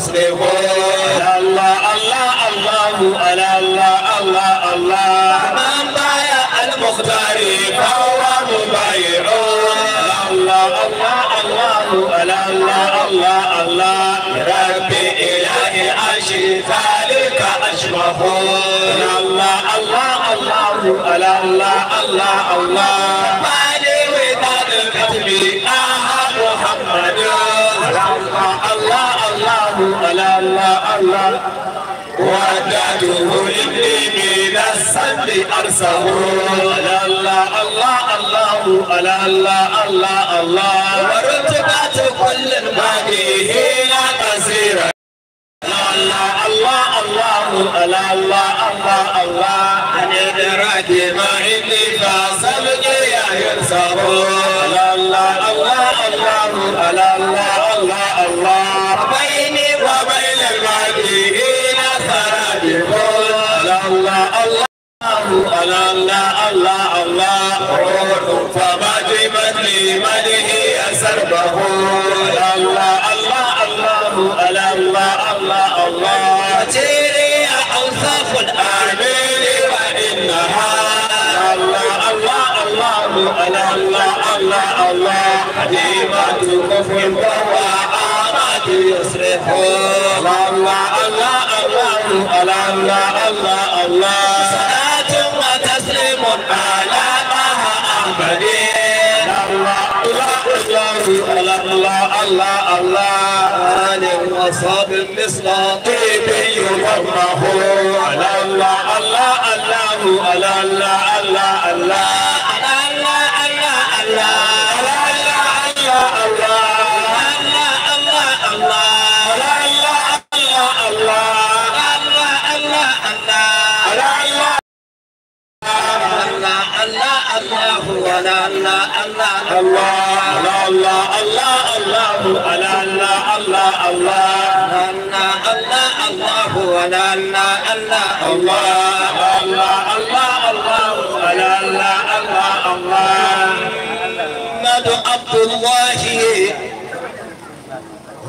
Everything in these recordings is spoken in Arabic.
المصلحون الله الله الله ألا الله الله الله من بايع المختار فهو مبايع الله الله الله ألا الله الله الله ربي إلهي عشي ذلك أشبه الله الله الله ألا الله الله الله مالي وداد الكتب الله ودعته إني من السند أرسه لا الله الله الله لا الله الله الله ورتبات كل الماضي هنا كثيرة الله الله الله لا الله الله الله عن إدراك ما إني فاسبق يا ينصر لا الله الله ألا لا الله الله روح فما جبت لي مده أسربه الله الله الله ألا الله الله الله تيري أوصاف الآمين وإنها الله الله الله ألا الله الله الله حليمة كفر وهو آمات يصرفون الله الغلام لا الله الله صلاة وتسليم على طه أحمدي الله الله الله الله الله آل وصاب مثل طيبي ومرهو الله الله الله الله الله الله لا لا الله الله الله الله الله لا الله الله الله محمد عبد الله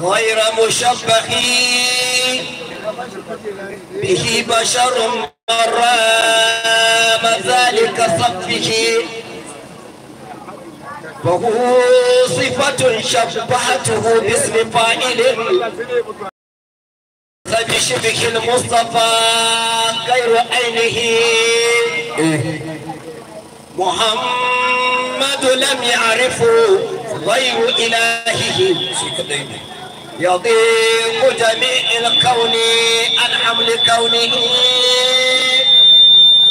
غير مشبه به بشر مرام ذلك صفه فهو صفة شبهته باسم فاعل فبشبك المصطفى غير عينه محمد لم يعرف غير إلهه يضيق جميع الكون عن حمل كونه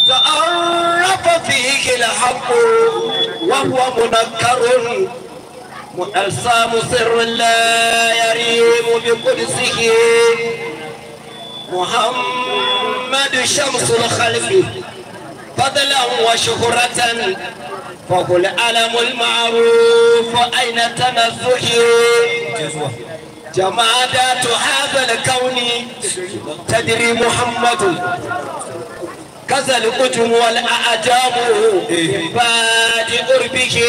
تعرف فيه الحق وهو منكر مألسام سر لا يريم بقدسه محمد شمس الخلف فضلا وشهرة فهو العلم المعروف أين تنزه جمادات هذا الكون تدري محمد كذا القدم والأعجاب من بعد قربه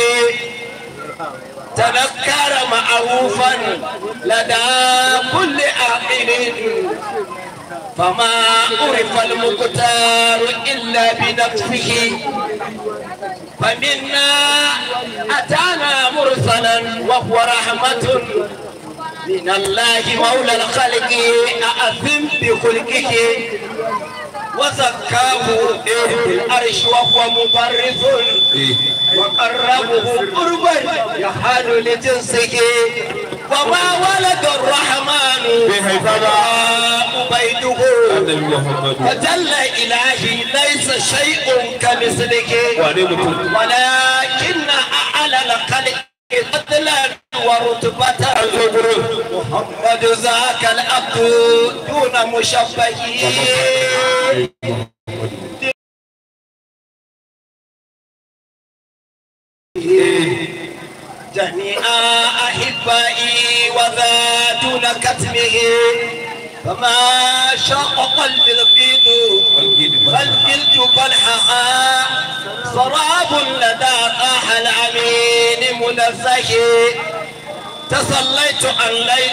تذكر معروفا لدى كل عاقل فما عرف المقتار إلا بنفسه فمنا أتانا مرسلا وهو رحمة من الله مولى الخلق أعظم بخلقه تزكاه العرش وهو مبرز إيه. وقربه قربا يحال لجنسه وما ولد الرحمن فلا بيته فجل إلهي ليس شيء كمثلك ولكن أعلى الخلق قتلا ورتبة محمد ذاك الأب دون مشبهين الشيء محمد جميعا أحبائي وذات لكتمه فما شاق قلبي الغيد فالجلد فالحاء سراب لدى طاح العمين منزه تصليت عن ليلى